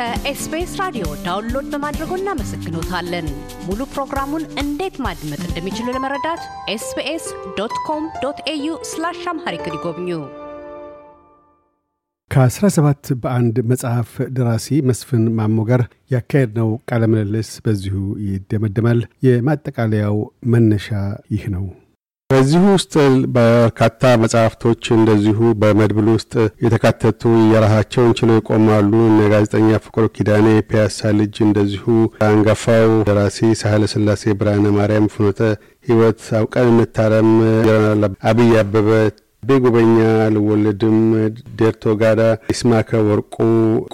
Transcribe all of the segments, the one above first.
ከኤስቢኤስ ራዲዮ ዳውንሎድ በማድረጎ እናመሰግኖታለን። ሙሉ ፕሮግራሙን እንዴት ማድመጥ እንደሚችሉ ለመረዳት ኤስቢኤስ ዶት ኮም ዶት ኤዩ ስላሽ አምሃሪክ ይጎብኙ። ከ17 በአንድ መጽሐፍ ደራሲ መስፍን ማሞ ጋር ነው ቃለ ምልልስ በዚሁ ይደመደማል። የማጠቃለያው መነሻ ይህ ነው። በዚሁ ውስጥ በርካታ መጽሐፍቶች እንደዚሁ በመድብል ውስጥ የተካተቱ የራሳቸውን ችለው ይቆማሉ። እነ ጋዜጠኛ ፍቅሩ ኪዳኔ ፒያሳ ልጅ፣ እንደዚሁ አንጋፋው ደራሲ ሳህለ ስላሴ ብርሃነ ማርያም ፍኖተ ህይወት፣ አውቀን እንታረም፣ ጀነራል አብይ አበበ ቤጉበኛ ልወለድም ዴርቶ ጋዳ ይስማከ ወርቁ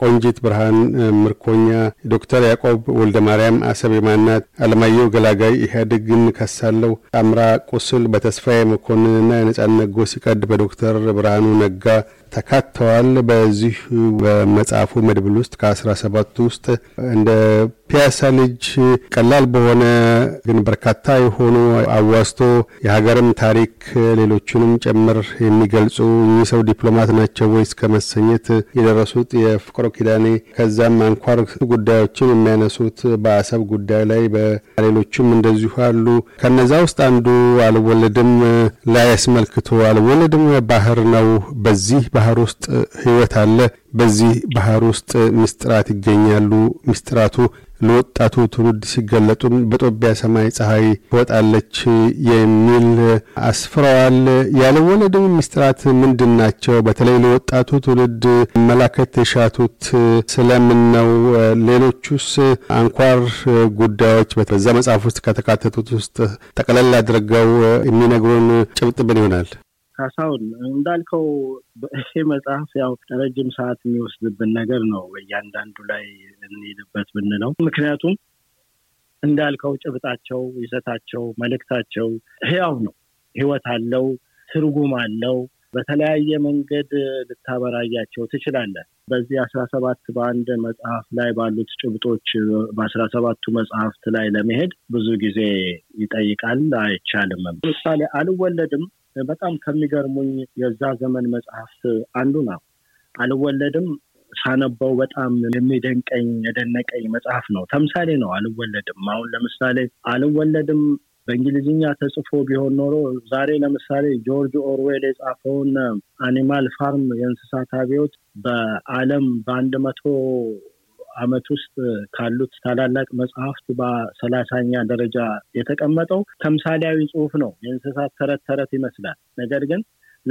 ቆንጂት ብርሃን ምርኮኛ ዶክተር ያዕቆብ ወልደ ማርያም አሰብ ማናት አለማየሁ ገላጋይ ኢህአዴግን ካሳለው አምራ ቁስል በተስፋዬ መኮንንና የነጻነት ጎህ ሲቀድ በዶክተር ብርሃኑ ነጋ ተካተዋል። በዚህ በመጽሐፉ መድብል ውስጥ ከ ሰባቱ ውስጥ እንደ ፒያሳ ልጅ ቀላል በሆነ ግን በርካታ የሆኑ አዋስቶ የሀገርም ታሪክ ሌሎቹንም ጭምር የሚገልጹ እኚህ ሰው ዲፕሎማት ናቸው ወይስ ከመሰኘት የደረሱት የፍቅሮ ኪዳኔ ከዛም አንኳር ጉዳዮችን የሚያነሱት በአሰብ ጉዳይ ላይ በሌሎቹም እንደዚሁ አሉ። ከነዛ ውስጥ አንዱ አልወለድም ላይ አስመልክቶ አልወለድም ባህር ነው በዚህ ባህር ውስጥ ህይወት አለ። በዚህ ባህር ውስጥ ምስጢራት ይገኛሉ። ምስጢራቱ ለወጣቱ ትውልድ ሲገለጡም በጦቢያ ሰማይ ፀሐይ ትወጣለች የሚል አስፍረዋል። ያለወለድም ምስጢራት ምንድን ናቸው? በተለይ ለወጣቱ ትውልድ መላከት የሻቱት ስለምን ነው? ሌሎቹስ አንኳር ጉዳዮች በዛ መጽሐፍ ውስጥ ከተካተቱት ውስጥ ጠቅለል አድርገው የሚነግሩን ጭብጥ ምን ይሆናል? ካሳሁን እንዳልከው ይሄ መጽሐፍ ያው ረጅም ሰዓት የሚወስድብን ነገር ነው። እያንዳንዱ ላይ እንሄድበት ብንለው ምክንያቱም እንዳልከው ጭብጣቸው፣ ይዘታቸው፣ መልእክታቸው ህያው ነው፣ ህይወት አለው፣ ትርጉም አለው፣ በተለያየ መንገድ ልታበራያቸው ትችላለህ። በዚህ አስራ ሰባት በአንድ መጽሐፍ ላይ ባሉት ጭብጦች በአስራ ሰባቱ መጽሐፍት ላይ ለመሄድ ብዙ ጊዜ ይጠይቃል፣ አይቻልም። ለምሳሌ አልወለድም በጣም ከሚገርሙኝ የዛ ዘመን መጽሐፍት አንዱ ነው። አልወለድም ሳነበው በጣም የሚደንቀኝ የደነቀኝ መጽሐፍ ነው። ተምሳሌ ነው። አልወለድም አሁን ለምሳሌ አልወለድም በእንግሊዝኛ ተጽፎ ቢሆን ኖሮ ዛሬ ለምሳሌ ጆርጅ ኦርዌል የጻፈውን አኒማል ፋርም የእንስሳት አብዮት በዓለም በአንድ መቶ አመት ውስጥ ካሉት ታላላቅ መጽሐፍት በሰላሳኛ ደረጃ የተቀመጠው ተምሳሌያዊ ጽሁፍ ነው። የእንስሳት ተረት ተረት ይመስላል። ነገር ግን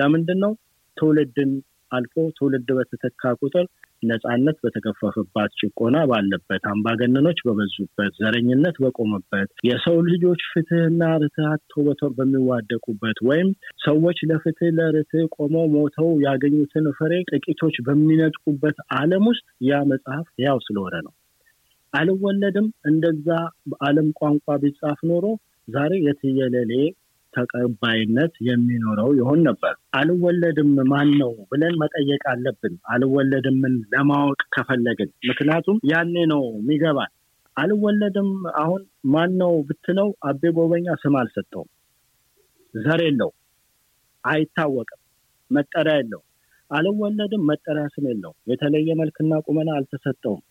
ለምንድን ነው ትውልድን አልፎ ትውልድ በተተካ ቁጥር ነጻነት በተገፈፈባት፣ ጭቆና ባለበት፣ አምባገነኖች በበዙበት፣ ዘረኝነት በቆመበት፣ የሰው ልጆች ፍትህና ርትዓት በሚዋደቁበት ወይም ሰዎች ለፍትህ ለርትህ ቆመው ሞተው ያገኙትን ፍሬ ጥቂቶች በሚነጥቁበት አለም ውስጥ ያ መጽሐፍ ያው ስለሆነ ነው። አልወለድም እንደዛ በአለም ቋንቋ ቢጻፍ ኖሮ ዛሬ የትየለሌ ተቀባይነት የሚኖረው ይሆን ነበር። አልወለድም ማን ነው ብለን መጠየቅ አለብን፣ አልወለድምን ለማወቅ ከፈለግን። ምክንያቱም ያኔ ነው ሚገባል አልወለድም አሁን ማን ነው ብትለው አቤ ጎበኛ ስም አልሰጠውም፣ ዘር የለው፣ አይታወቅም፣ መጠሪያ የለው። አልወለድም መጠሪያ ስም የለው፣ የተለየ መልክና ቁመና አልተሰጠውም።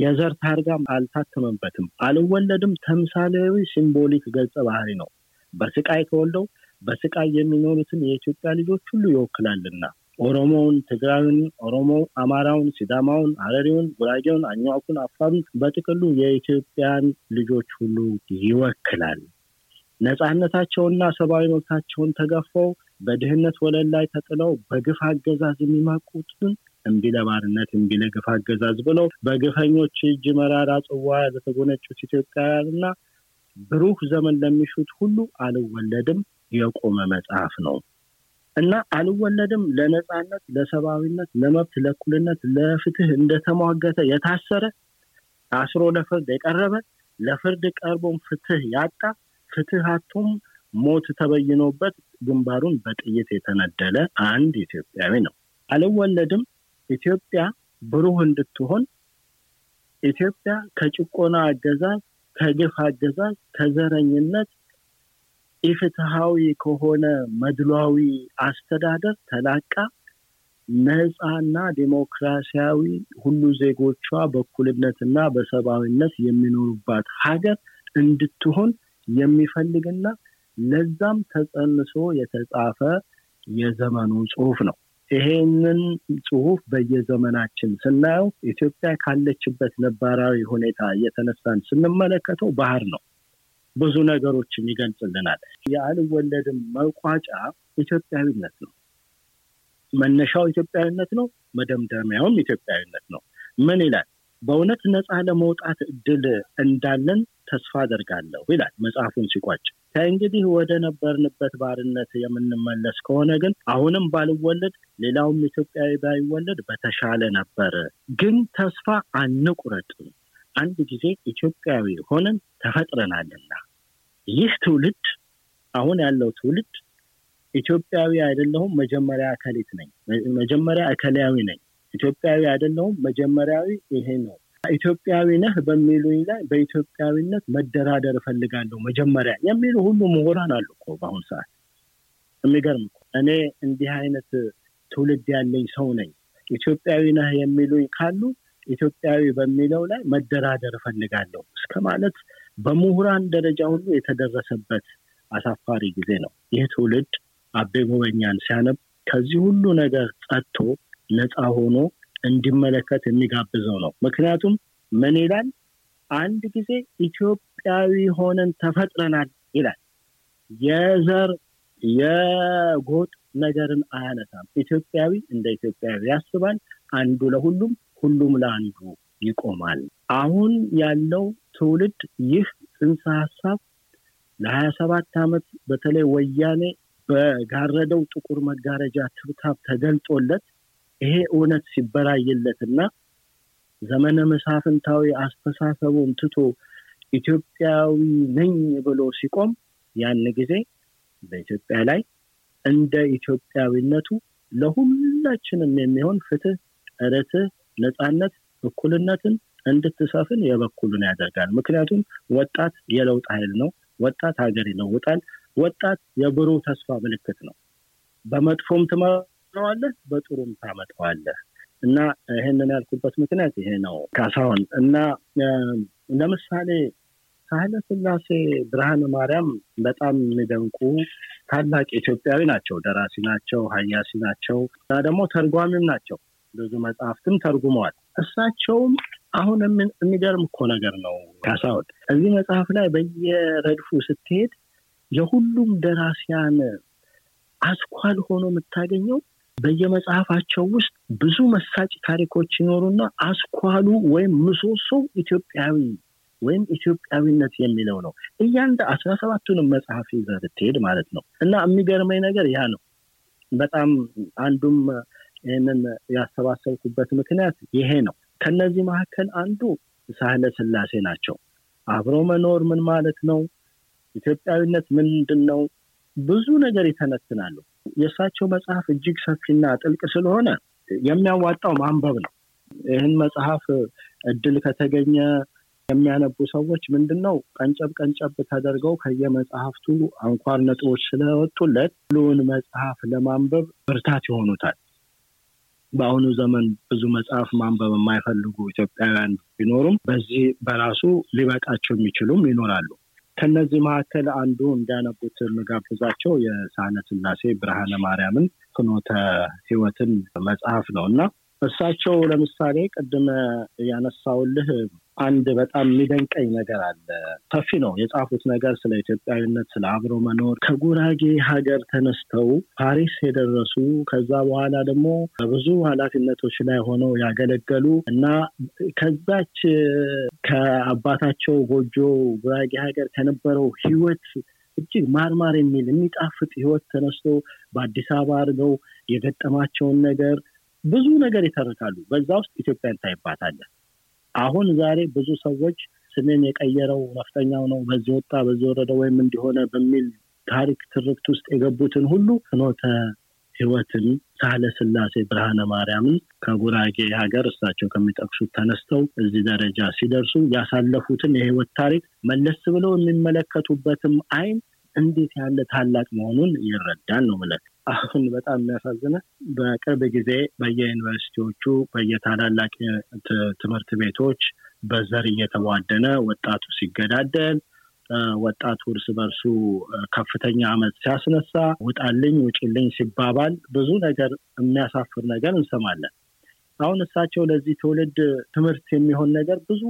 የዘር ታርጋም አልታተመበትም። አልወለድም ተምሳሌዊ ሲምቦሊክ ገጸ ባህሪ ነው። በስቃይ ተወልደው በስቃይ የሚኖሩትን የኢትዮጵያ ልጆች ሁሉ ይወክላልና ኦሮሞውን፣ ትግራዩን፣ ኦሮሞ አማራውን፣ ሲዳማውን፣ አረሪውን ጉራጌውን፣ አኛዋኩን፣ አፋሩን በጥቅሉ የኢትዮጵያን ልጆች ሁሉ ይወክላል። ነጻነታቸውና ሰብአዊ መብታቸውን ተገፈው በድህነት ወለል ላይ ተጥለው በግፍ አገዛዝ የሚማቁትን እምቢ ለባርነት እምቢ ለግፍ አገዛዝ ብለው በግፈኞች እጅ መራራ ጽዋ ለተጎነጩት ኢትዮጵያውያንና ብሩህ ዘመን ለሚሹት ሁሉ አልወለድም የቆመ መጽሐፍ ነው እና አልወለድም ለነፃነት፣ ለሰብአዊነት፣ ለመብት፣ ለኩልነት ለፍትህ እንደተሟገተ የታሰረ አስሮ ለፍርድ የቀረበ ለፍርድ ቀርቦም ፍትህ ያጣ ፍትህ አቶም ሞት ተበይኖበት ግንባሩን በጥይት የተነደለ አንድ ኢትዮጵያዊ ነው። አልወለድም ኢትዮጵያ ብሩህ እንድትሆን ኢትዮጵያ ከጭቆና አገዛዝ ከግፍ አገዛዝ፣ ከዘረኝነት፣ ኢፍትሃዊ ከሆነ መድሏዊ አስተዳደር ተላቃ ነፃና ዴሞክራሲያዊ ሁሉ ዜጎቿ በእኩልነትና በሰብአዊነት የሚኖሩባት ሀገር እንድትሆን የሚፈልግና ለዛም ተጸንሶ የተጻፈ የዘመኑ ጽሁፍ ነው። ይሄንን ጽሁፍ በየዘመናችን ስናየው ኢትዮጵያ ካለችበት ነባራዊ ሁኔታ እየተነሳን ስንመለከተው ባህር ነው። ብዙ ነገሮችን ይገልጽልናል። የአልወለድም መቋጫ ኢትዮጵያዊነት ነው። መነሻው ኢትዮጵያዊነት ነው። መደምደሚያውም ኢትዮጵያዊነት ነው። ምን ይላል? በእውነት ነፃ ለመውጣት እድል እንዳለን ተስፋ አደርጋለሁ ይላል መጽሐፉን ሲቋጭ። ከእንግዲህ ወደ ነበርንበት ባርነት የምንመለስ ከሆነ ግን አሁንም ባልወለድ ሌላውም ኢትዮጵያዊ ባይወለድ በተሻለ ነበር። ግን ተስፋ አንቁረጥ። አንድ ጊዜ ኢትዮጵያዊ ሆነን ተፈጥረናልና ይህ ትውልድ አሁን ያለው ትውልድ ኢትዮጵያዊ አይደለሁም መጀመሪያ አካሌት ነኝ፣ መጀመሪያ አካላዊ ነኝ፣ ኢትዮጵያዊ አይደለሁም መጀመሪያዊ ይሄ ነው ኢትዮጵያዊ ነህ በሚሉኝ ላይ በኢትዮጵያዊነት መደራደር እፈልጋለሁ መጀመሪያ የሚሉ ሁሉ ምሁራን አሉ እኮ በአሁኑ ሰዓት። የሚገርም እኔ እንዲህ አይነት ትውልድ ያለኝ ሰው ነኝ። ኢትዮጵያዊ ነህ የሚሉኝ ካሉ ኢትዮጵያዊ በሚለው ላይ መደራደር እፈልጋለሁ እስከ ማለት በምሁራን ደረጃ ሁሉ የተደረሰበት አሳፋሪ ጊዜ ነው። ይህ ትውልድ አቤ ጎበኛን ሲያነብ ከዚህ ሁሉ ነገር ጸጥቶ ነፃ ሆኖ እንዲመለከት የሚጋብዘው ነው። ምክንያቱም ምን ይላል? አንድ ጊዜ ኢትዮጵያዊ ሆነን ተፈጥረናል ይላል። የዘር የጎጥ ነገርን አያነሳም። ኢትዮጵያዊ እንደ ኢትዮጵያዊ ያስባል። አንዱ ለሁሉም ሁሉም ለአንዱ ይቆማል። አሁን ያለው ትውልድ ይህ ጽንሰ ሀሳብ ለሀያ ሰባት ዓመት በተለይ ወያኔ በጋረደው ጥቁር መጋረጃ ትብታብ ተገልጦለት ይሄ እውነት ሲበራይለትና ዘመነ መሳፍንታዊ አስተሳሰቡን ትቶ ኢትዮጵያዊ ነኝ ብሎ ሲቆም ያን ጊዜ በኢትዮጵያ ላይ እንደ ኢትዮጵያዊነቱ ለሁላችንም የሚሆን ፍትህ፣ ርትዕ፣ ነፃነት፣ እኩልነትን እንድትሰፍን የበኩሉን ያደርጋል። ምክንያቱም ወጣት የለውጥ ኃይል ነው። ወጣት ሀገር ይለውጣል። ወጣት የብሩ ተስፋ ምልክት ነው። በመጥፎም ትመ ታመጣዋለህ፣ በጥሩም ታመጣዋለህ እና ይህንን ያልኩበት ምክንያት ይሄ ነው ካሳሁን። እና ለምሳሌ ሳህለ ስላሴ ብርሃነ ማርያም በጣም የሚደንቁ ታላቅ ኢትዮጵያዊ ናቸው። ደራሲ ናቸው፣ ሀያሲ ናቸው እና ደግሞ ተርጓሚም ናቸው። ብዙ መጽሐፍትም ተርጉመዋል። እሳቸውም አሁን የሚገርም እኮ ነገር ነው ካሳሁን። እዚህ መጽሐፍ ላይ በየረድፉ ስትሄድ የሁሉም ደራሲያን አስኳል ሆኖ የምታገኘው በየመጽሐፋቸው ውስጥ ብዙ መሳጭ ታሪኮች ይኖሩና አስኳሉ ወይም ምሰሶው ኢትዮጵያዊ ወይም ኢትዮጵያዊነት የሚለው ነው። እያንደ አስራ ሰባቱንም መጽሐፍ ይዘህ ብትሄድ ማለት ነው። እና የሚገርመኝ ነገር ያ ነው። በጣም አንዱም ይህንን ያሰባሰብኩበት ምክንያት ይሄ ነው። ከነዚህ መካከል አንዱ ሳህለ ስላሴ ናቸው። አብሮ መኖር ምን ማለት ነው? ኢትዮጵያዊነት ምንድን ነው? ብዙ ነገር ይተነትናሉ። የእሳቸው መጽሐፍ እጅግ ሰፊና ጥልቅ ስለሆነ የሚያዋጣው ማንበብ ነው። ይህን መጽሐፍ እድል ከተገኘ የሚያነቡ ሰዎች ምንድን ነው ቀንጨብ ቀንጨብ ተደርገው ከየመጽሐፍቱ አንኳር ነጥቦች ስለወጡለት ሁሉን መጽሐፍ ለማንበብ ብርታት ይሆኑታል። በአሁኑ ዘመን ብዙ መጽሐፍ ማንበብ የማይፈልጉ ኢትዮጵያውያን ቢኖሩም በዚህ በራሱ ሊበቃቸው የሚችሉም ይኖራሉ። ከነዚህ መካከል አንዱ እንዳነቡት የምጋብዛቸው የሳነ ስላሴ ብርሃነ ማርያምን ፍኖተ ህይወትን መጽሐፍ ነው እና እሳቸው ለምሳሌ ቅድመ ያነሳውልህ አንድ በጣም የሚደንቀኝ ነገር አለ። ሰፊ ነው የጻፉት ነገር ስለ ኢትዮጵያዊነት፣ ስለ አብሮ መኖር ከጉራጌ ሀገር ተነስተው ፓሪስ የደረሱ ከዛ በኋላ ደግሞ ብዙ ኃላፊነቶች ላይ ሆነው ያገለገሉ እና ከዛች ከአባታቸው ጎጆ ጉራጌ ሀገር ከነበረው ህይወት እጅግ ማርማር የሚል የሚጣፍጥ ህይወት ተነስቶ በአዲስ አበባ አድርገው የገጠማቸውን ነገር ብዙ ነገር ይተርካሉ። በዛ ውስጥ ኢትዮጵያ ታይባታለን። አሁን ዛሬ ብዙ ሰዎች ስሜን የቀየረው ነፍጠኛው ነው በዚህ ወጣ በዚህ ወረደ ወይም እንዲሆነ በሚል ታሪክ ትርክት ውስጥ የገቡትን ሁሉ ኖተ ህይወትን ሳህለ ስላሴ ብርሃነ ማርያምን ከጉራጌ ሀገር እሳቸው ከሚጠቅሱት ተነስተው እዚህ ደረጃ ሲደርሱ ያሳለፉትን የህይወት ታሪክ መለስ ብለው የሚመለከቱበትም አይን እንዴት ያለ ታላቅ መሆኑን ይረዳል ነው ምለት አሁን በጣም የሚያሳዝነ በቅርብ ጊዜ በየዩኒቨርሲቲዎቹ በየታላላቅ ትምህርት ቤቶች በዘር እየተቧደነ ወጣቱ ሲገዳደል ወጣቱ እርስ በርሱ ከፍተኛ አመት ሲያስነሳ ውጣልኝ ውጭልኝ ሲባባል ብዙ ነገር የሚያሳፍር ነገር እንሰማለን። አሁን እሳቸው ለዚህ ትውልድ ትምህርት የሚሆን ነገር ብዙ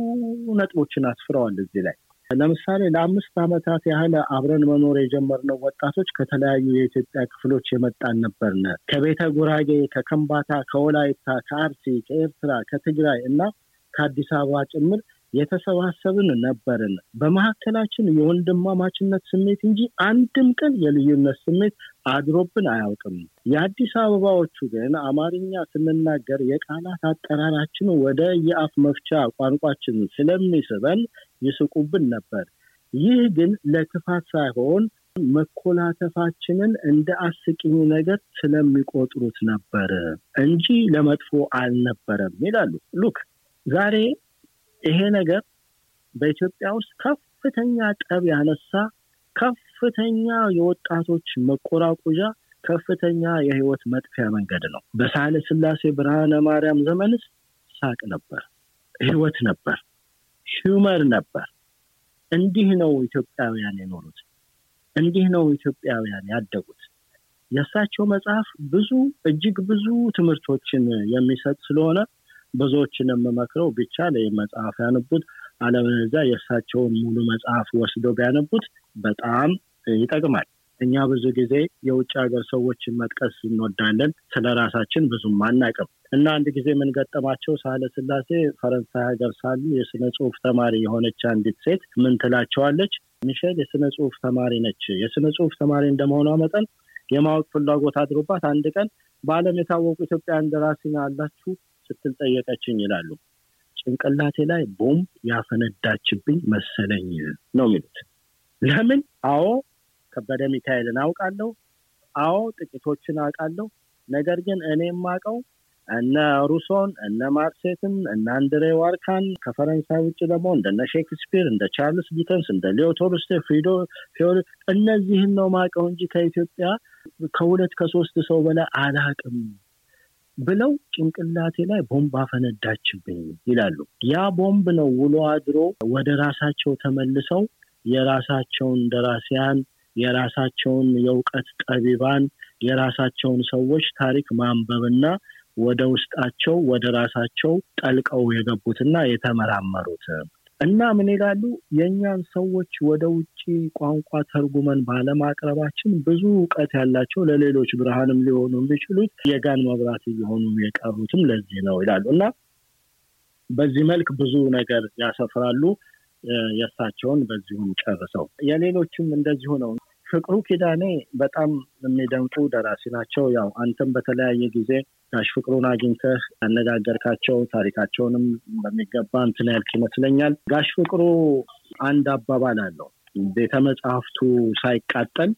ነጥቦችን አስፍረዋል እዚህ ላይ ለምሳሌ ለአምስት ዓመታት ያህል አብረን መኖር የጀመርነው ወጣቶች ከተለያዩ የኢትዮጵያ ክፍሎች የመጣን ነበርን። ከቤተ ጉራጌ፣ ከከምባታ፣ ከወላይታ፣ ከአርሲ፣ ከኤርትራ፣ ከትግራይ እና ከአዲስ አበባ ጭምር የተሰባሰብን ነበርን። በመካከላችን የወንድማማችነት ስሜት እንጂ አንድም ቀን የልዩነት ስሜት አድሮብን አያውቅም። የአዲስ አበባዎቹ ግን አማርኛ ስንናገር የቃላት አጠራራችን ወደ የአፍ መፍቻ ቋንቋችን ስለሚስበን ይስቁብን ነበር። ይህ ግን ለክፋት ሳይሆን መኮላተፋችንን እንደ አስቂኝ ነገር ስለሚቆጥሩት ነበር እንጂ ለመጥፎ አልነበረም ይላሉ። ሉክ ዛሬ ይሄ ነገር በኢትዮጵያ ውስጥ ከፍተኛ ጠብ ያነሳ፣ ከፍተኛ የወጣቶች መቆራቆዣ፣ ከፍተኛ የህይወት መጥፊያ መንገድ ነው። በሳህለ ስላሴ ብርሃነ ማርያም ዘመንስ ሳቅ ነበር፣ ህይወት ነበር። ሹመር ነበር። እንዲህ ነው ኢትዮጵያውያን የኖሩት፣ እንዲህ ነው ኢትዮጵያውያን ያደጉት። የእሳቸው መጽሐፍ ብዙ እጅግ ብዙ ትምህርቶችን የሚሰጥ ስለሆነ ብዙዎችን የምመክረው ቢቻል ይህ መጽሐፍ ያንቡት። አለበለዚያ የእሳቸውን ሙሉ መጽሐፍ ወስደው ቢያነቡት በጣም ይጠቅማል። እኛ ብዙ ጊዜ የውጭ ሀገር ሰዎችን መጥቀስ እንወዳለን፣ ስለ ራሳችን ብዙም አናቅም። እና አንድ ጊዜ የምንገጠማቸው ሳህለ ስላሴ ፈረንሳይ ሀገር ሳሉ የስነ ጽሁፍ ተማሪ የሆነች አንዲት ሴት ምን ትላቸዋለች? የስነ ጽሁፍ ተማሪ ነች። የስነ ጽሁፍ ተማሪ እንደመሆኗ መጠን የማወቅ ፍላጎት አድሮባት አንድ ቀን በአለም የታወቁ ኢትዮጵያውያን ደራሲ አላችሁ ስትል ጠየቀችኝ ይላሉ። ጭንቅላቴ ላይ ቦም ያፈነዳችብኝ መሰለኝ ነው የሚሉት። ለምን? አዎ ከበደ ሚካኤልን አውቃለሁ። አዎ ጥቂቶችን አውቃለሁ። ነገር ግን እኔ የማቀው እነ ሩሶን እነ ማርሴትን እነ አንድሬ ዋርካን ከፈረንሳይ ውጭ ደግሞ እንደነ ሼክስፒር እንደ ቻርልስ ዲከንስ እንደ ሊዮ ቶልስቶይ ፍሪዶ ፊዮሪ እነዚህን ነው ማቀው እንጂ ከኢትዮጵያ ከሁለት ከሶስት ሰው በላይ አላቅም ብለው ጭንቅላቴ ላይ ቦምብ አፈነዳችብኝ ይላሉ። ያ ቦምብ ነው ውሎ አድሮ ወደ ራሳቸው ተመልሰው የራሳቸውን ደራሲያን የራሳቸውን የእውቀት ጠቢባን የራሳቸውን ሰዎች ታሪክ ማንበብና ወደ ውስጣቸው ወደ ራሳቸው ጠልቀው የገቡትና የተመራመሩት እና ምን ይላሉ? የእኛን ሰዎች ወደ ውጭ ቋንቋ ተርጉመን ባለማቅረባችን ብዙ እውቀት ያላቸው ለሌሎች ብርሃንም ሊሆኑ የሚችሉት የጋን መብራት እየሆኑ የቀሩትም ለዚህ ነው ይላሉ እና በዚህ መልክ ብዙ ነገር ያሰፍራሉ። የእሳቸውን በዚሁም ጨርሰው የሌሎችም እንደዚሁ ነው። ፍቅሩ ኪዳኔ በጣም የሚደንቁ ደራሲ ናቸው። ያው አንተም በተለያየ ጊዜ ጋሽ ፍቅሩን አግኝተህ ያነጋገርካቸው ታሪካቸውንም በሚገባ እንትን ያልክ ይመስለኛል። ጋሽ ፍቅሩ አንድ አባባል አለው ቤተ መጽሐፍቱ ሳይቃጠል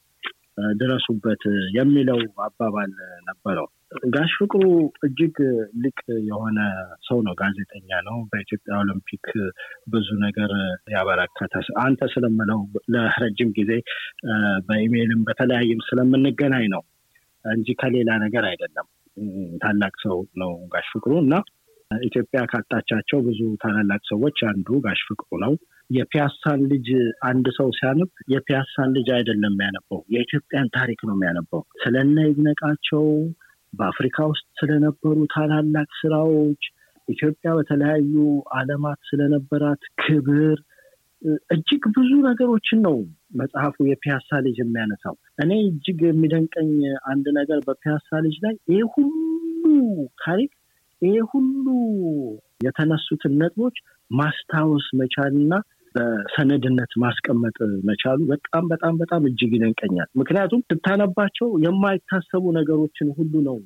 ድረሱበት የሚለው አባባል ነበረው። ጋሽ ፍቅሩ እጅግ ልቅ የሆነ ሰው ነው። ጋዜጠኛ ነው። በኢትዮጵያ ኦሎምፒክ ብዙ ነገር ያበረከተ አንተ ስለምለው ለረጅም ጊዜ በኢሜይልም በተለያየም ስለምንገናኝ ነው እንጂ ከሌላ ነገር አይደለም። ታላቅ ሰው ነው ጋሽ ፍቅሩ እና ኢትዮጵያ ካጣቻቸው ብዙ ታላላቅ ሰዎች አንዱ ጋሽ ፍቅሩ ነው። የፒያሳን ልጅ አንድ ሰው ሲያነብ የፒያሳን ልጅ አይደለም የሚያነበው፣ የኢትዮጵያን ታሪክ ነው የሚያነበው። ስለነ ይድነቃቸው በአፍሪካ ውስጥ ስለነበሩ ታላላቅ ስራዎች፣ ኢትዮጵያ በተለያዩ አለማት ስለነበራት ክብር፣ እጅግ ብዙ ነገሮችን ነው መጽሐፉ የፒያሳ ልጅ የሚያነሳው። እኔ እጅግ የሚደንቀኝ አንድ ነገር በፒያሳ ልጅ ላይ ይሄ ሁሉ ታሪክ ይሄ ሁሉ የተነሱትን ነጥቦች ማስታወስ መቻልና በሰነድነት ማስቀመጥ መቻሉ በጣም በጣም በጣም እጅግ ይደንቀኛል። ምክንያቱም ስታነባቸው የማይታሰቡ ነገሮችን ሁሉ ነው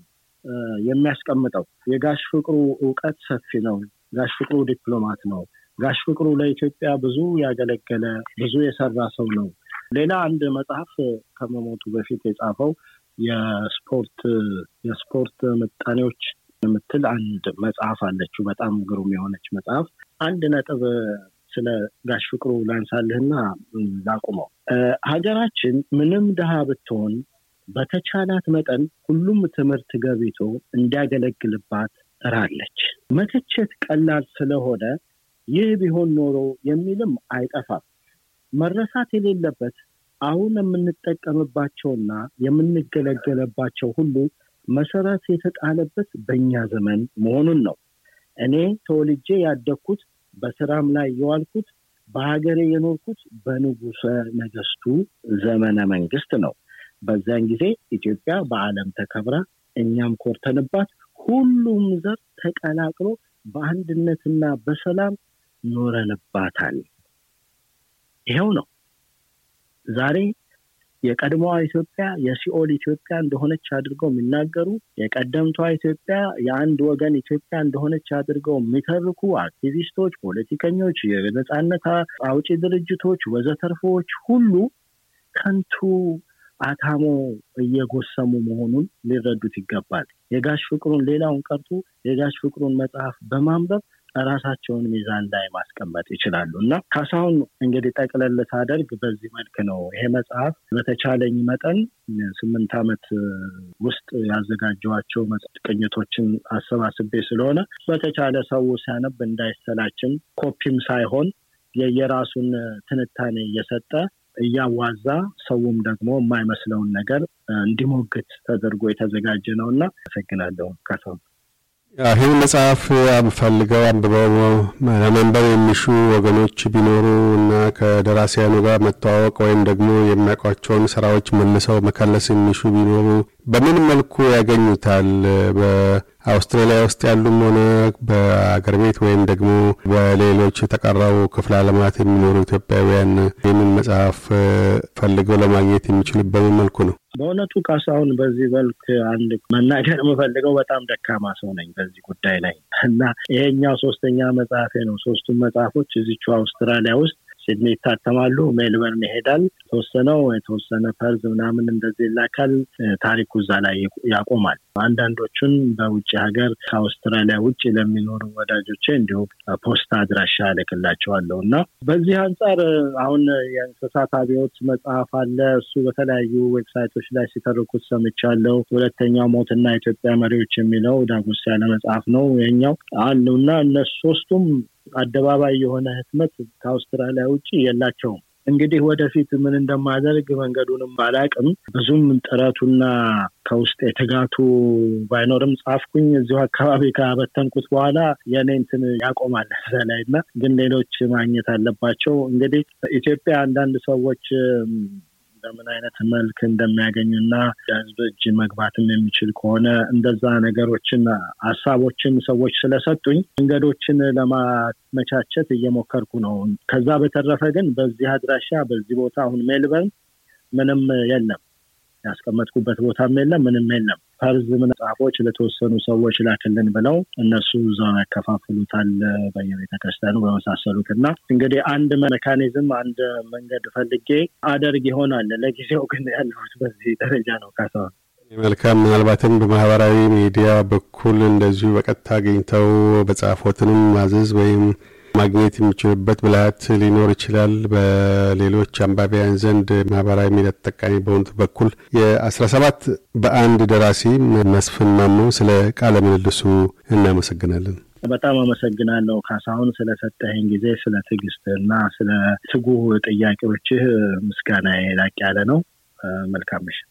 የሚያስቀምጠው። የጋሽ ፍቅሩ እውቀት ሰፊ ነው። ጋሽ ፍቅሩ ዲፕሎማት ነው። ጋሽ ፍቅሩ ለኢትዮጵያ ብዙ ያገለገለ ብዙ የሰራ ሰው ነው። ሌላ አንድ መጽሐፍ ከመሞቱ በፊት የጻፈው የስፖርት የስፖርት ምጣኔዎች የምትል አንድ መጽሐፍ አለችው። በጣም ግሩም የሆነች መጽሐፍ አንድ ነጥብ ስለ ጋሽ ፍቅሩ ላንሳልህና ላቁመው። ሀገራችን ምንም ድሃ ብትሆን በተቻላት መጠን ሁሉም ትምህርት ገቢቶ እንዲያገለግልባት ጥራለች። መተቸት ቀላል ስለሆነ ይህ ቢሆን ኖሮ የሚልም አይጠፋም። መረሳት የሌለበት አሁን የምንጠቀምባቸውና የምንገለገለባቸው ሁሉ መሰረት የተጣለበት በእኛ ዘመን መሆኑን ነው። እኔ ተወልጄ ያደግኩት በስራም ላይ የዋልኩት በሀገሬ የኖርኩት በንጉሰ ነገስቱ ዘመነ መንግስት ነው። በዚያን ጊዜ ኢትዮጵያ በአለም ተከብራ እኛም ኮርተንባት ሁሉም ዘር ተቀላቅሎ በአንድነትና በሰላም ኖረንባታል። ይኸው ነው ዛሬ የቀድሞዋ ኢትዮጵያ የሲኦል ኢትዮጵያ እንደሆነች አድርገው የሚናገሩ የቀደምቷ ኢትዮጵያ የአንድ ወገን ኢትዮጵያ እንደሆነች አድርገው የሚተርኩ አክቲቪስቶች፣ ፖለቲከኞች፣ የነጻነት አውጪ ድርጅቶች ወዘተርፎዎች ሁሉ ከንቱ አታሞ እየጎሰሙ መሆኑን ሊረዱት ይገባል። የጋሽ ፍቅሩን ሌላውን ቀርቶ የጋሽ ፍቅሩን መጽሐፍ በማንበብ ራሳቸውን ሚዛን ላይ ማስቀመጥ ይችላሉ እና ካሳሁን እንግዲህ ጠቅለል ሳደርግ በዚህ መልክ ነው ይሄ መጽሐፍ በተቻለኝ መጠን ስምንት ዓመት ውስጥ ያዘጋጀዋቸው ቅኝቶችን አሰባስቤ ስለሆነ በተቻለ ሰው ሲያነብ እንዳይሰላችም ኮፒም ሳይሆን የየራሱን ትንታኔ እየሰጠ እያዋዛ ሰውም ደግሞ የማይመስለውን ነገር እንዲሞግት ተደርጎ የተዘጋጀ ነው እና አመሰግናለሁ ከሰው ይህን መጽሐፍ ፈልገው አንብበው ለማንበብ የሚሹ ወገኖች ቢኖሩ እና ከደራሲያኑ ጋር መተዋወቅ ወይም ደግሞ የሚያውቋቸውን ስራዎች መልሰው መከለስ የሚሹ ቢኖሩ በምን መልኩ ያገኙታል? በአውስትራሊያ ውስጥ ያሉም ሆነ በአገር ቤት ወይም ደግሞ በሌሎች የተቀረው ክፍለ ዓለማት የሚኖሩ ኢትዮጵያውያን ይህንን መጽሐፍ ፈልገው ለማግኘት የሚችሉ በምን መልኩ ነው? በእውነቱ ካሳሁን በዚህ መልክ አንድ መናገር የምፈልገው በጣም ደካማ ሰው ነኝ በዚህ ጉዳይ ላይ እና ይሄኛው ሶስተኛ መጽሐፌ ነው። ሶስቱም መጽሐፎች እዚቹ አውስትራሊያ ውስጥ ሲድኒ ይታተማሉ፣ ሜልበርን ይሄዳል። የተወሰነው የተወሰነ ፐርዝ ምናምን እንደዚህ ይላካል። ታሪኩ እዛ ላይ ያቆማል። አንዳንዶቹን በውጭ ሀገር ከአውስትራሊያ ውጭ ለሚኖሩ ወዳጆቼ እንዲሁ ፖስታ አድራሻ ልክላቸዋለሁ እና በዚህ አንጻር አሁን የእንስሳት አብዮት መጽሐፍ አለ። እሱ በተለያዩ ዌብሳይቶች ላይ ሲተርኩት ሰምቻለሁ። ሁለተኛው ሞትና ኢትዮጵያ መሪዎች የሚለው ዳጉስ ያለ መጽሐፍ ነው ይኛው አሉ እና እነሱ ሶስቱም አደባባይ የሆነ ህትመት ከአውስትራሊያ ውጭ የላቸውም። እንግዲህ ወደፊት ምን እንደማደርግ መንገዱንም አላቅም። ብዙም ጥረቱና ከውስጥ የትጋቱ ባይኖርም ጻፍኩኝ። እዚሁ አካባቢ ካበተንኩት በኋላ የእኔ እንትን ያቆማል ላይ እና ግን ሌሎች ማግኘት አለባቸው። እንግዲህ ኢትዮጵያ አንዳንድ ሰዎች በምን አይነት መልክ እንደሚያገኙና የህዝብ እጅ መግባትም የሚችል ከሆነ እንደዛ ነገሮችን ሀሳቦችን ሰዎች ስለሰጡኝ መንገዶችን ለማመቻቸት እየሞከርኩ ነው። ከዛ በተረፈ ግን በዚህ አድራሻ በዚህ ቦታ አሁን ሜልበርን ምንም የለም ያስቀመጥኩበት ቦታም የለም ምንም የለም። ፈርዝ መጽሐፎች ለተወሰኑ ሰዎች ላክልን ብለው እነሱ እዛው ያከፋፍሉታል በየቤተ ክርስቲያኑ በመሳሰሉት እና እንግዲህ አንድ መካኒዝም አንድ መንገድ ፈልጌ አደርግ ይሆናል። ለጊዜው ግን ያለሁት በዚህ ደረጃ ነው። ካሳሁን መልካም። ምናልባትም በማህበራዊ ሚዲያ በኩል እንደዚሁ በቀጥታ አግኝተው በጻፎትንም ማዘዝ ወይም ማግኘት የሚችሉበት ብልሃት ሊኖር ይችላል። በሌሎች አንባቢያን ዘንድ ማህበራዊ ሚዲያ ተጠቃሚ በሆኑት በኩል የአስራ ሰባት በአንድ ደራሲ መስፍን ማሞ ስለ ቃለ ምልልሱ እናመሰግናለን። በጣም አመሰግናለሁ ካሳሁን ስለሰጠኸኝ ጊዜ፣ ስለ ትዕግስት እና ስለ ትጉህ ጥያቄዎችህ ምስጋና ላቅ ያለ ነው። መልካም ምሽት።